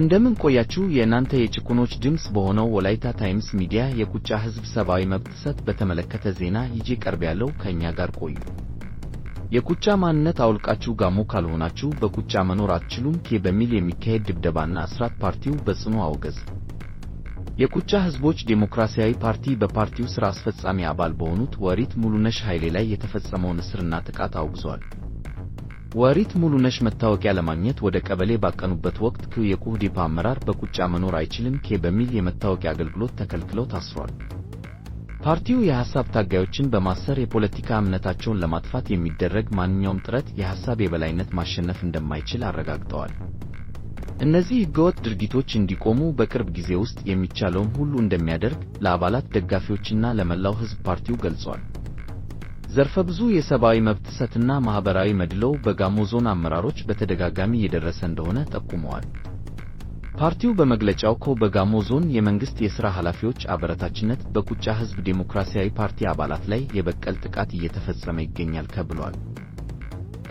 እንደምን ቆያችሁ! የእናንተ የጭቁኖች ድምፅ በሆነው ወላይታ ታይምስ ሚዲያ የቁጫ ሕዝብ ሰብዓዊ መብት ጥሰት በተመለከተ ዜና ይዤ ቀርቤያለሁ። ከእኛ ጋር ቆዩ። የቁጫ ማንነት አውልቃችሁ ጋሞ ካልሆናችሁ በቁጫ መኖር አትችሉም ኬ በሚል የሚካሄድ ድብደባና እስራት ፓርቲው በጽኑ አውገዝ የቁጫ ሕዝቦች ዴሞክራሲያዊ ፓርቲ በፓርቲው ሥራ አስፈጻሚ አባል በሆኑት ወሪት ሙሉነሽ ኃይሌ ላይ የተፈጸመውን እስርና ጥቃት አውግዟል። ወሪት ሙሉ ነሽ መታወቂያ ለማግኘት ወደ ቀበሌ ባቀኑበት ወቅት ክ የኩህዲፓ አመራር በቁጫ መኖር አይችልም ኬ በሚል የመታወቂያ አገልግሎት ተከልክለው ታስሯል። ፓርቲው የሐሳብ ታጋዮችን በማሰር የፖለቲካ እምነታቸውን ለማጥፋት የሚደረግ ማንኛውም ጥረት የሐሳብ የበላይነት ማሸነፍ እንደማይችል አረጋግጠዋል። እነዚህ ህገወጥ ድርጊቶች እንዲቆሙ በቅርብ ጊዜ ውስጥ የሚቻለውን ሁሉ እንደሚያደርግ ለአባላት ደጋፊዎችና ለመላው ህዝብ ፓርቲው ገልጿል። ዘርፈ ብዙ የሰብአዊ መብት ጥሰትና ማኅበራዊ መድሎ በጋሞ ዞን አመራሮች በተደጋጋሚ እየደረሰ እንደሆነ ጠቁመዋል። ፓርቲው በመግለጫው ኮ በጋሞ ዞን የመንግሥት የሥራ ኃላፊዎች አበረታችነት በቁጫ ሕዝብ ዴሞክራሲያዊ ፓርቲ አባላት ላይ የበቀል ጥቃት እየተፈጸመ ይገኛል ከብሏል።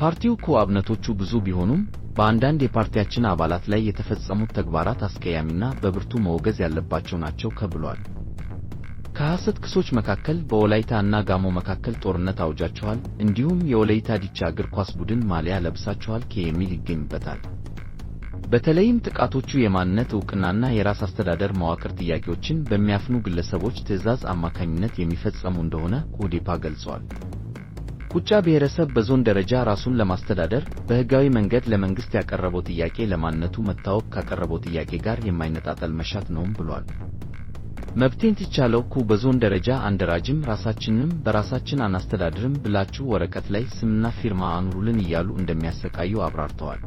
ፓርቲው ኮ አብነቶቹ ብዙ ቢሆኑም በአንዳንድ የፓርቲያችን አባላት ላይ የተፈጸሙት ተግባራት አስቀያሚና በብርቱ መወገዝ ያለባቸው ናቸው ከብሏል። ከሐሰት ክሶች መካከል በወላይታ እና ጋሞ መካከል ጦርነት አውጃቸዋል፣ እንዲሁም የወላይታ ዲቻ እግር ኳስ ቡድን ማሊያ ለብሳቸዋል ኬ የሚል ይገኝበታል። በተለይም ጥቃቶቹ የማንነት ዕውቅናና የራስ አስተዳደር መዋቅር ጥያቄዎችን በሚያፍኑ ግለሰቦች ትዕዛዝ አማካኝነት የሚፈጸሙ እንደሆነ ኦዴፓ ገልጿል። ቁጫ ብሔረሰብ በዞን ደረጃ ራሱን ለማስተዳደር በሕጋዊ መንገድ ለመንግሥት ያቀረበው ጥያቄ ለማንነቱ መታወቅ ካቀረበው ጥያቄ ጋር የማይነጣጠል መሻት ነውም ብሏል። መብቴን ትቻለሁ እኮ በዞን ደረጃ አንደራጅም ራሳችንንም በራሳችን አናስተዳድርም ብላችሁ ወረቀት ላይ ስምና ፊርማ አኑሩልን እያሉ እንደሚያሰቃዩ አብራርተዋል።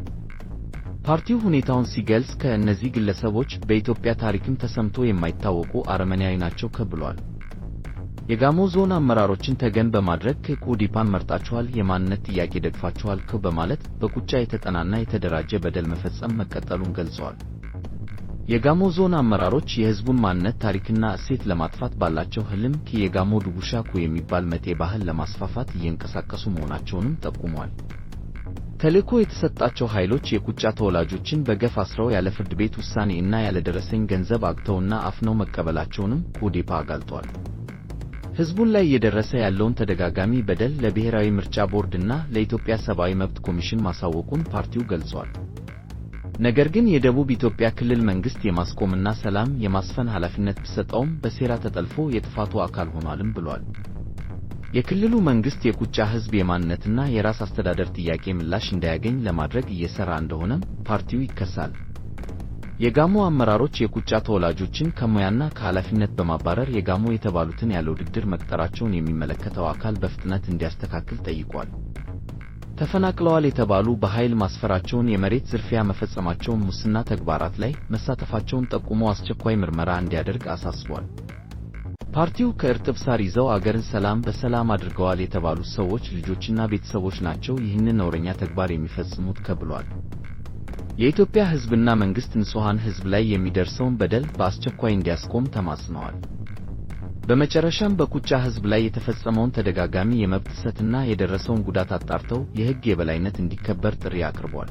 ፓርቲው ሁኔታውን ሲገልጽ ከእነዚህ ግለሰቦች በኢትዮጵያ ታሪክም ተሰምቶ የማይታወቁ አረመኔያዊ ናቸው ብሏል። የጋሞ ዞን አመራሮችን ተገን በማድረግ ከኢዴፓን መርጣችኋል፣ የማንነት ጥያቄ ደግፋችኋል በማለት በቁጫ የተጠናና የተደራጀ በደል መፈጸም መቀጠሉን ገልጸዋል። የጋሞ ዞን አመራሮች የሕዝቡን ማንነት ታሪክና እሴት ለማጥፋት ባላቸው ህልም ከየጋሞ ዱጉሻኩ የሚባል መቴ ባህል ለማስፋፋት እየንቀሳቀሱ መሆናቸውንም ጠቁመዋል። ተልእኮ የተሰጣቸው ኃይሎች የቁጫ ተወላጆችን በገፍ አስረው ያለ ፍርድ ቤት ውሳኔ እና ያለ ደረሰኝ ገንዘብ አግተውና አፍነው መቀበላቸውንም ኦዴፓ አጋልጧል። ሕዝቡን ላይ እየደረሰ ያለውን ተደጋጋሚ በደል ለብሔራዊ ምርጫ ቦርድ እና ለኢትዮጵያ ሰብአዊ መብት ኮሚሽን ማሳወቁን ፓርቲው ገልጿል። ነገር ግን የደቡብ ኢትዮጵያ ክልል መንግስት የማስቆምና ሰላም የማስፈን ኃላፊነት ቢሰጠውም በሴራ ተጠልፎ የጥፋቱ አካል ሆኗልም ብሏል። የክልሉ መንግስት የኩጫ ህዝብ የማንነትና የራስ አስተዳደር ጥያቄ ምላሽ እንዳያገኝ ለማድረግ እየሰራ እንደሆነም ፓርቲው ይከሳል። የጋሞ አመራሮች የኩጫ ተወላጆችን ከሙያና ከኃላፊነት በማባረር የጋሞ የተባሉትን ያለ ውድድር መቅጠራቸውን የሚመለከተው አካል በፍጥነት እንዲያስተካክል ጠይቋል። ተፈናቅለዋል የተባሉ በኃይል ማስፈራቸውን፣ የመሬት ዝርፊያ መፈጸማቸውን፣ ሙስና ተግባራት ላይ መሳተፋቸውን ጠቁሞ አስቸኳይ ምርመራ እንዲያደርግ አሳስቧል። ፓርቲው ከእርጥብ ሳር ይዘው አገርን ሰላም በሰላም አድርገዋል የተባሉት ሰዎች ልጆችና ቤተሰቦች ናቸው ይህንን ነውረኛ ተግባር የሚፈጽሙት ከብሏል። የኢትዮጵያ ሕዝብና መንግሥት ንጹሐን ሕዝብ ላይ የሚደርሰውን በደል በአስቸኳይ እንዲያስቆም ተማጽነዋል። በመጨረሻም በኩቻ ሕዝብ ላይ የተፈጸመውን ተደጋጋሚ የመብት ጥሰትና የደረሰውን ጉዳት አጣርተው የሕግ የበላይነት እንዲከበር ጥሪ አቅርቧል።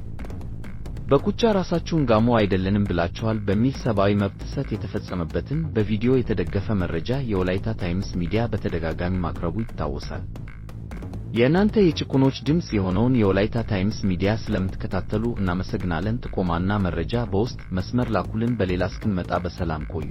በኩቻ ራሳችሁን ጋሞ አይደለንም ብላችኋል በሚል ሰብአዊ መብት ጥሰት የተፈጸመበትን በቪዲዮ የተደገፈ መረጃ የወላይታ ታይምስ ሚዲያ በተደጋጋሚ ማቅረቡ ይታወሳል። የእናንተ የጭቁኖች ድምፅ የሆነውን የወላይታ ታይምስ ሚዲያ ስለምትከታተሉ እናመሰግናለን። ጥቆማና መረጃ በውስጥ መስመር ላኩልን። በሌላ እስክንመጣ በሰላም ቆዩ።